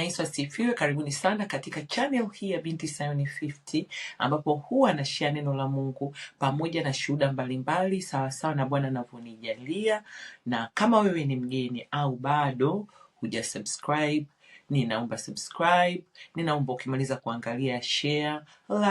Bwana Yesu asifiwe. Karibuni sana katika channel hii ya Binti Sayuni 50 ambapo huwa anashia neno la Mungu pamoja na shuhuda mbalimbali sawasawa na Bwana anavyonijalia. Na kama wewe ni mgeni au bado huja subscribe, ninaomba subscribe, ninaomba ukimaliza kuangalia share,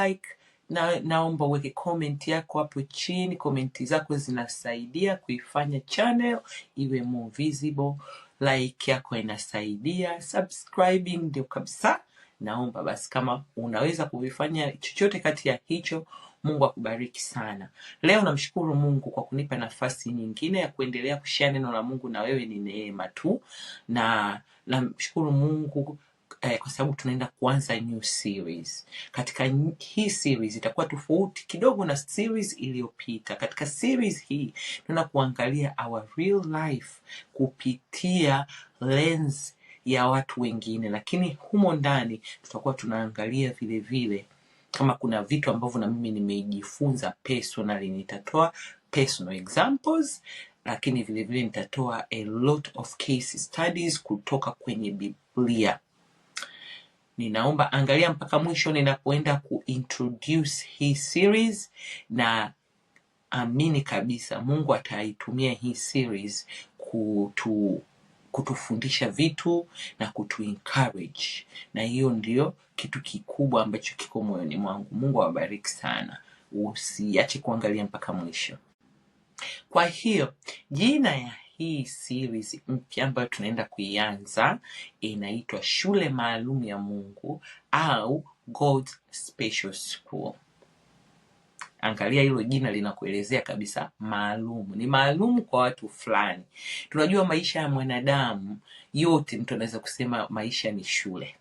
like na naomba uweke comment yako hapo chini. Komenti zako zinasaidia kuifanya channel iwe more visible like yako inasaidia, subscribing ndio kabisa. Naomba basi kama unaweza kuvifanya chochote kati ya hicho, Mungu akubariki sana. Leo namshukuru Mungu kwa kunipa nafasi nyingine ya kuendelea kushia neno la Mungu na wewe, ni neema tu, na namshukuru Mungu eh, kwa sababu tunaenda kuanza new series. Katika hii series itakuwa tofauti kidogo na series iliyopita. Katika series hii tunaenda kuangalia our real life kupitia lens ya watu wengine, lakini humo ndani tutakuwa tunaangalia vile vile kama kuna vitu ambavyo na mimi nimejifunza personally, nitatoa personal examples lakini vilevile nitatoa a lot of case studies kutoka kwenye Biblia ninaomba angalia mpaka mwisho ninapoenda kuintroduce hii series na amini kabisa Mungu ataitumia hii series kutu kutufundisha vitu na kutu encourage na hiyo ndio kitu kikubwa ambacho kiko moyoni mwangu. Mungu awabariki sana, usiache kuangalia mpaka mwisho. Kwa hiyo jina ya hii series mpya ambayo tunaenda kuianza inaitwa Shule Maalum ya Mungu au god Special School. Angalia hilo jina linakuelezea kabisa, maalum ni maalum kwa watu fulani. Tunajua maisha ya mwanadamu yote, mtu anaweza kusema maisha ni shule.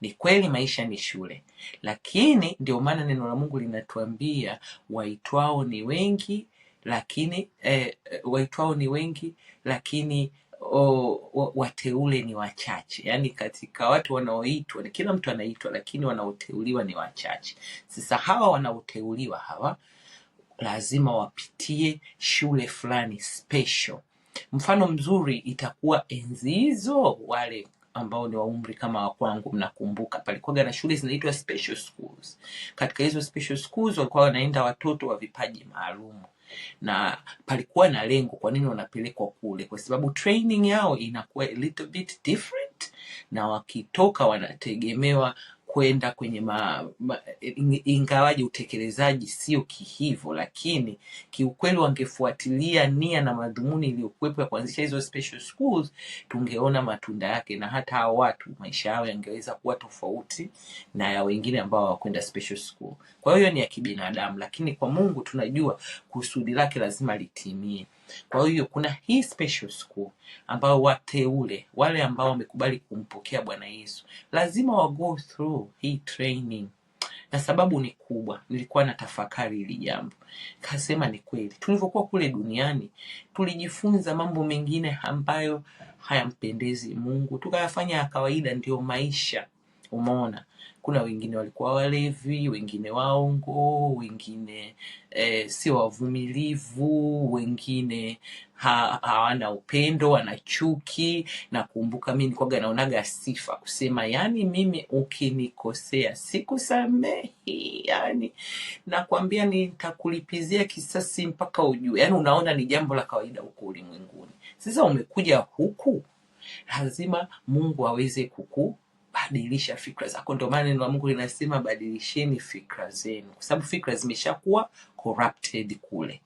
Ni kweli maisha ni shule, lakini ndio maana neno la Mungu linatuambia waitwao ni wengi lakini e, waitwao ni wengi, lakini o, wateule ni wachache. Yaani katika watu wanaoitwa, kila mtu anaitwa, lakini wanaoteuliwa ni wachache. Sasa hawa wanaoteuliwa hawa lazima wapitie shule fulani special. Mfano mzuri itakuwa enzi hizo wale ambao ni waumri kama wa kwangu, mnakumbuka palikuwa na shule zinaitwa special schools. Katika hizo special schools walikuwa wanaenda watoto wa vipaji maalumu na palikuwa na lengo kwa nini wanapelekwa kule, kwa sababu training yao inakuwa a little bit different, na wakitoka wanategemewa kwenda kwenye ma, ma, ingawaji utekelezaji sio kihivyo, lakini kiukweli wangefuatilia nia na madhumuni iliyokuwepo ya kuanzisha hizo special schools, tungeona matunda yake, na hata hao watu maisha yao yangeweza kuwa tofauti na ya wengine ambao hawakwenda special school. Kwa hiyo ni ya kibinadamu, lakini kwa Mungu tunajua kusudi lake lazima litimie. Kwa hiyo kuna hii special school ambao wateule wale ambao wamekubali kumpokea Bwana Yesu lazima wa go through hii training, na sababu ni kubwa. Nilikuwa na tafakari hili jambo, kasema ni kweli, tulivyokuwa kule duniani tulijifunza mambo mengine ambayo hayampendezi Mungu, tukayafanya ya kawaida, ndiyo maisha. Umeona, kuna wengine walikuwa walevi, wengine waongo, wengine e, si wavumilivu, wengine hawana upendo, wana chuki. Nakumbuka mi nikwaga naonaga sifa kusema, yani mimi ukinikosea sikusamehi, yani nakwambia nitakulipizia kisasi mpaka ujue. Yani unaona ni jambo la kawaida huko ulimwenguni. Sasa umekuja huku, lazima Mungu aweze kuku badilisha fikra zako. Ndio maana neno la Mungu linasema badilisheni fikra zenu, kwa sababu fikra zimeshakuwa corrupted kule,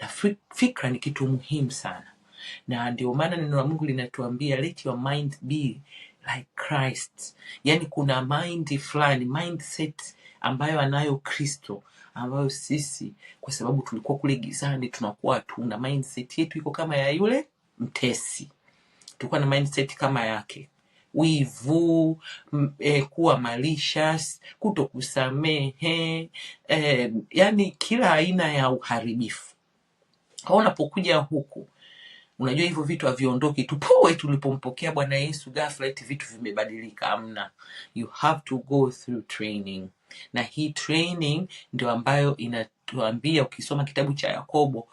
na fikra ni kitu muhimu sana, na ndio maana neno la Mungu linatuambia let your mind be like Christ. Yani kuna mind fulani, mindset ambayo anayo Kristo ambayo sisi kwa sababu tulikuwa kule gizani tunakuwa hatuna mindset yetu iko kama ya yule mtesi, tulikuwa na mindset kama yake wivu e, kuwa malicious, kutokusamehe e, yani kila aina ya uharibifu. Kwa unapokuja huku unajua hivyo vitu haviondoki tu poe. tulipompokea Bwana Yesu ghafla eti vitu vimebadilika. amna you have to go through training, na hii training ndio ambayo inatuambia ukisoma kitabu cha Yakobo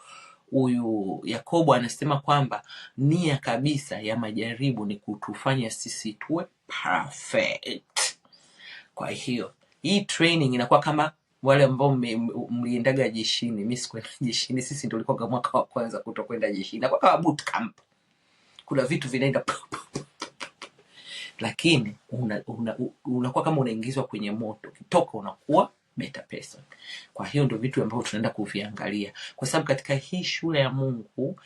huyu Yakobo anasema kwamba nia kabisa ya majaribu ni kutufanya sisi tuwe perfect. Kwa hiyo hii training inakuwa kama wale ambao mliendaga jeshini. Mimi sikuenda jeshini, sisi ndio tulikuwa mwaka wa kwanza kutokwenda jeshini, kwa kama boot camp. Kuna vitu vinaenda lakini unakuwa una, una kama unaingizwa kwenye moto, kitoka unakuwa better person. Kwa hiyo ndio vitu ambavyo tunaenda kuviangalia, kwa sababu katika hii shule ya Mungu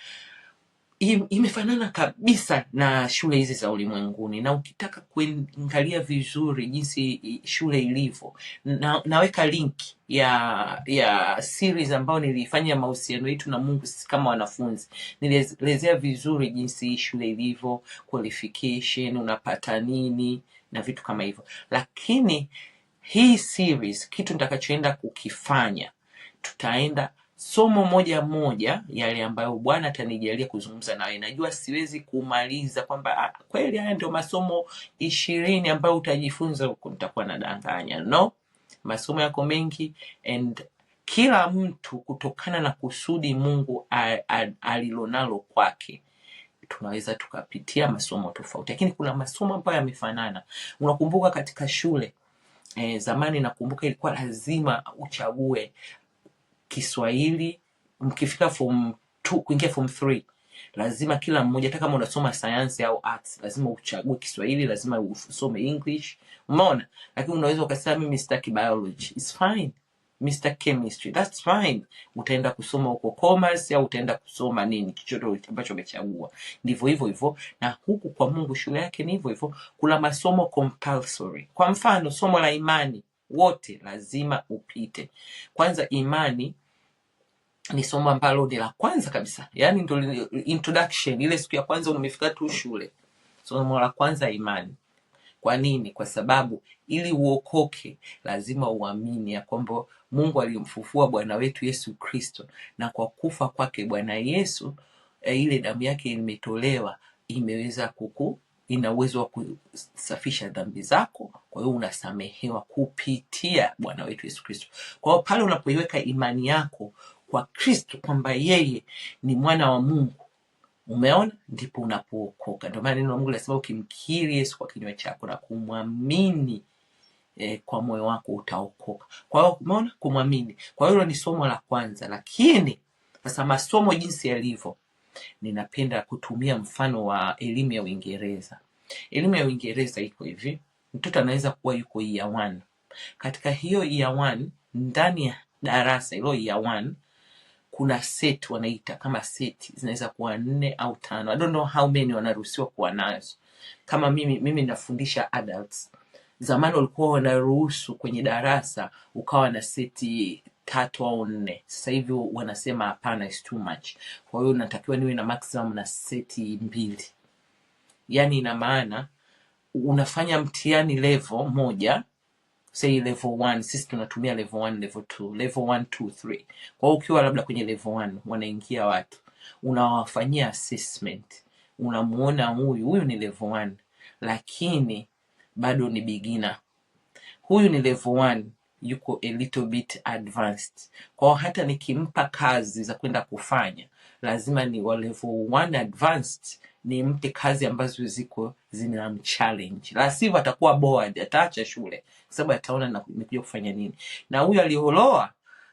imefanana kabisa na shule hizi za ulimwenguni, na ukitaka kuangalia vizuri jinsi shule ilivyo na, naweka link ya ya series ambayo nilifanya mahusiano yetu na Mungu sisi kama wanafunzi. Nilielezea vizuri jinsi shule ilivyo, qualification, unapata nini na vitu kama hivyo, lakini hii series, kitu nitakachoenda kukifanya, tutaenda somo moja moja yale ambayo Bwana atanijalia kuzungumza nawe. Najua siwezi kumaliza kwamba ah, kweli haya ndio masomo ishirini ambayo utajifunza huku, nitakuwa nadanganya. No, masomo yako mengi and kila mtu kutokana na kusudi Mungu alilonalo kwake tunaweza tukapitia masomo tofauti, lakini kuna masomo ambayo yamefanana. Unakumbuka katika shule e, zamani nakumbuka ilikuwa lazima uchague Kiswahili mkifika form 2 kuingia form 3 lazima kila mmoja, hata kama unasoma sayansi au arts, lazima uchague Kiswahili, lazima usome English, umeona. Lakini unaweza ukasema mimi sitaki biology, it's fine. Mr Chemistry, that's fine. Utaenda kusoma huko commerce au utaenda kusoma nini, chochote ambacho umechagua ndivyo hivyo hivyo. Na huku kwa Mungu shule yake ni hivyo hivyo, kuna masomo compulsory. Kwa mfano somo la imani, wote lazima upite. Kwanza imani ni somo ambalo ni la kwanza kabisa, yaani ndio introduction ile siku ya kwanza umefika tu shule, somo la kwanza imani. Kwa nini? Kwa sababu ili uokoke lazima uamini ya kwamba Mungu alimfufua Bwana wetu Yesu Kristo, na kwa kufa kwake Bwana Yesu e, ile damu yake imetolewa, imeweza kuku ina uwezo wa kusafisha dhambi zako. Kwa hiyo unasamehewa kupitia Bwana wetu Yesu Kristo. Kwa hiyo pale unapoiweka imani yako kwa Kristo kwamba yeye ni mwana wa Mungu Umeona, ndipo unapookoka. Ndio maana neno la Mungu linasema ukimkiri Yesu kwa kinywa chako na kumwamini eh, kwa moyo wako utaokoka. Kwa hiyo umeona, kumwamini. Kwa hiyo hilo ni somo la kwanza, lakini sasa masomo jinsi yalivyo, ninapenda kutumia mfano wa elimu ya Uingereza. Elimu ya Uingereza iko hivi, mtoto anaweza kuwa yuko year one. Katika hiyo year one, ndani ya darasa hilo year one kuna set wanaita kama seti zinaweza kuwa nne au tano i don't know how many wanaruhusiwa kuwa nazo kama mimi mimi nafundisha adults zamani walikuwa wanaruhusu kwenye darasa ukawa na seti tatu au nne sasa hivi wanasema hapana is too much kwa hiyo natakiwa niwe na maximum na seti mbili yaani ina maana unafanya mtihani levo moja say level 1 sisi tunatumia level 1 level 2 level 1 2 3 kwa ukiwa labda kwenye level 1 wanaingia watu unawafanyia assessment unamuona huyu huyu ni level 1 lakini bado ni beginner huyu ni level 1 yuko a little bit advanced kwa hata nikimpa kazi za kwenda kufanya lazima ni wa level one advanced nimpe kazi ambazo ziko zinamchallenge, um la sivyo atakuwa bored, ataacha shule kwa sababu ataona nimekuja kufanya nini. Na huyo aliyoloa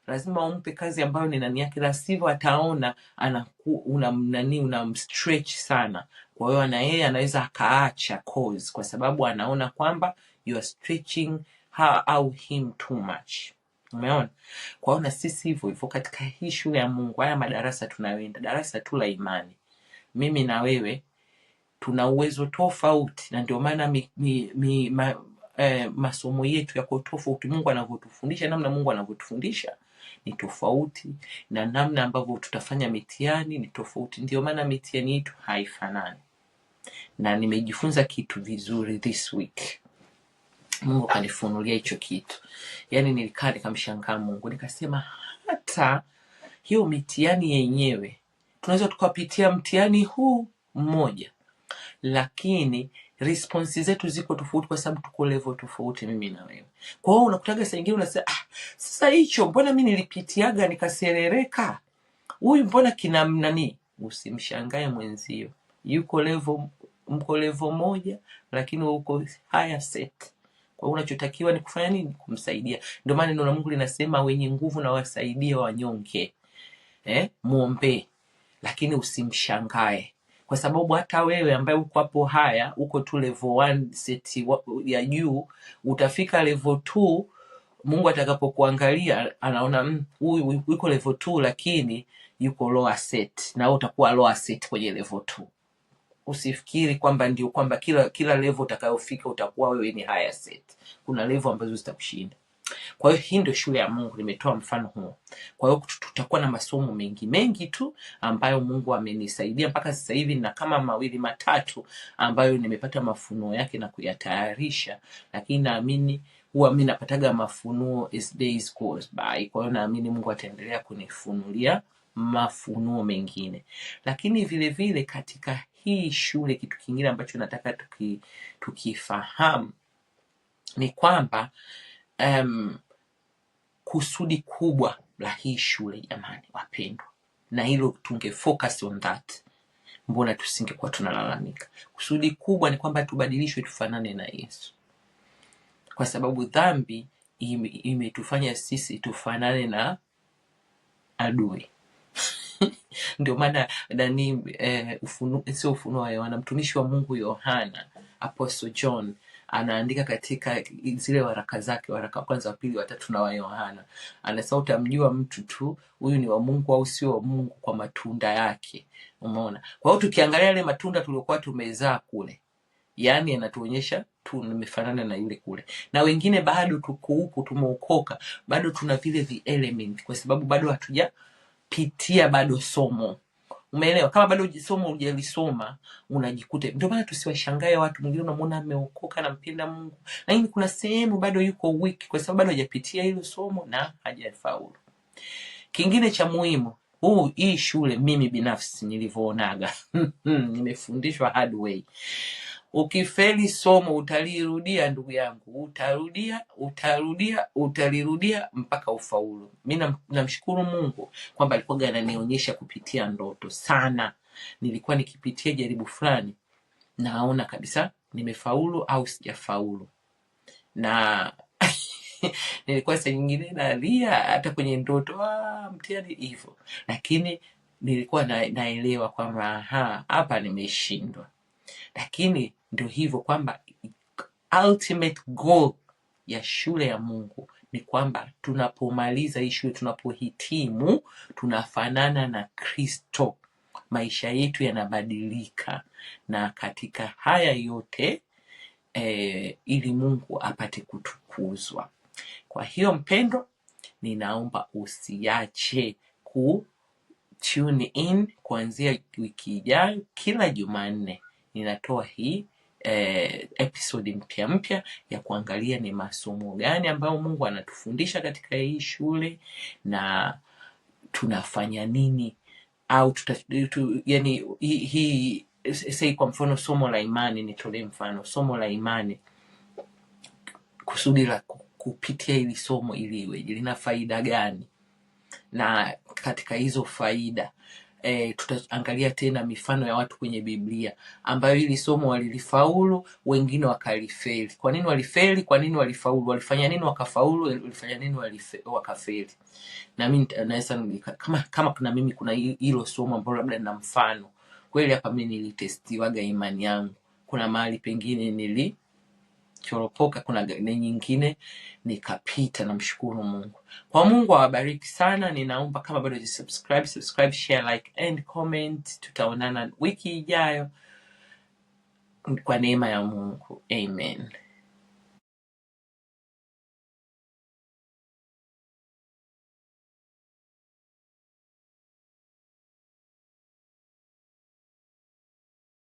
lazima umpe kazi ambayo ni nani yake, la sivyo ataona anaku, una, nani unamstretch um sana. Kwa hiyo na yeye anaweza akaacha cause kwa sababu anaona kwamba you are stretching her au him too much. Umeona? Kwa hiyo na sisi hivyo hivyo katika hii shule ya Mungu, haya madarasa tunayoenda, darasa tu la imani, mimi na wewe tuna uwezo tofauti, na ndio maana mi, mi, mi, ma, eh, masomo yetu yako tofauti. Mungu anavyotufundisha, namna Mungu anavyotufundisha ni tofauti, na namna ambavyo tutafanya mitihani ni tofauti. Ndio maana mitihani yetu haifanani, na nimejifunza kitu vizuri this week Mungu kanifunulia hicho kitu. Yaani nilikaa nikamshangaa Mungu, nikasema hata hiyo mitihani yenyewe tunaweza tukapitia mtihani huu mmoja, lakini responsi zetu ziko tofauti, kwa sababu tuko level tofauti, mimi na wewe. Kwa hiyo unakutaga saa nyingine unasema ah, sasa hicho mbona mi nilipitiaga nikaserereka, huyu mbona kina nani? Usimshangae mwenzio, yuko level, mko level moja, lakini uko higher set kwa unachotakiwa ni kufanya nini? Kumsaidia. Ndio maana neno la Mungu linasema wenye nguvu na wasaidie wanyonge, eh? muombe lakini usimshangae kwa sababu hata wewe ambaye uko hapo haya, uko tu level 1 ya juu, utafika level 2 Mungu atakapokuangalia anaona mm, huyu yuko level 2 lakini yuko lower set, na wewe utakuwa lower set kwenye level 2 usifikiri kwamba ndio kwamba kila kila level utakayofika utakuwa wewe ni higher set. Kuna level ambazo zitakushinda. Kwa hiyo hii ndio shule ya Mungu, nimetoa mfano huo. Kwa hiyo tutakuwa na masomo mengi mengi tu ambayo Mungu amenisaidia mpaka sasa hivi, na kama mawili matatu ambayo nimepata mafunuo yake na kuyatayarisha, lakini naamini huwa mi napataga mafunuo as days goes by. Kwa hiyo naamini Mungu ataendelea kunifunulia mafunuo mengine, lakini vilevile vile katika hii shule, kitu kingine ambacho nataka tuki, tukifahamu ni kwamba um, kusudi kubwa la hii shule jamani, wapendwa, na hilo tunge focus on that, mbona tusingekuwa tunalalamika? Kusudi kubwa ni kwamba tubadilishwe, tufanane na Yesu, kwa sababu dhambi imetufanya sisi tufanane na adui. ndio maana nani eh, ufunu, sio ufunuo wa Yohana, mtumishi wa Mungu Yohana Apostle John anaandika katika zile waraka zake, waraka wa kwanza, wa pili, wa tatu na wa Yohana, anasema utamjua mtu tu huyu ni wa Mungu au sio wa Mungu kwa matunda yake. Umeona? Kwa hiyo tukiangalia yale matunda tuliokuwa tumezaa kule, yaani yanatuonyesha tu nimefanana na yule kule, na wengine bado tuko huku, tumeokoka bado tuna vile vi element, kwa sababu bado hatuja pitia bado somo umeelewa kama bado somo ujalisoma unajikuta ndio maana tusiwashangae watu mwingine unamwona ameokoka nampenda mungu lakini kuna sehemu bado yuko wiki kwa sababu bado hajapitia hilo somo na hajafaulu kingine cha muhimu huu hii shule mimi binafsi nilivyoonaga nimefundishwa hard way Ukifeli somo utalirudia ndugu yangu, utarudia, utarudia, utalirudia mpaka ufaulu. Mi namshukuru namshukuru Mungu kwamba alikuwa ananionyesha kupitia ndoto sana. Nilikuwa nikipitia jaribu fulani, naona kabisa nimefaulu au sijafaulu, na nilikuwa saa nyingine nalia hata kwenye ndoto, "Ah, mtihani hivyo, lakini nilikuwa na, naelewa kwamba hapa nimeshindwa, lakini ndio hivyo kwamba ultimate goal ya shule ya Mungu ni kwamba tunapomaliza hii shule, tunapohitimu, tunafanana na Kristo, maisha yetu yanabadilika. Na katika haya yote eh, ili Mungu apate kutukuzwa. Kwa hiyo mpendo, ninaomba usiache ku tune in kuanzia wiki ijayo, kila Jumanne ninatoa hii eh, episodi mpya mpya ya kuangalia ni masomo gani ambayo Mungu anatufundisha katika hii shule na tunafanya nini au tuta, tu, yani, hii hi, sei kwa mfano somo la imani, nitolee mfano somo la imani, kusudi la kupitia hili somo ili iwe lina faida gani, na katika hizo faida e, tutaangalia tena mifano ya watu kwenye Biblia ambayo hili somo walilifaulu, wengine wakalifeli. Kwa nini walifeli? Kwa nini walifaulu? Walifanya nini wakafaulu? Walifanya nini wakafeli? Na mimi naweza kama, kama kuna mimi kuna hilo somo ambalo labda na mfano kweli hapa mimi nilitestiwaga imani yangu, kuna mahali pengine nili nikichoropoka kuna gari nyingine nikapita. Namshukuru Mungu kwa Mungu awabariki sana. Ninaomba kama bado subscribe, subscribe, share, like and comment. Tutaonana wiki ijayo kwa neema ya Mungu, amen.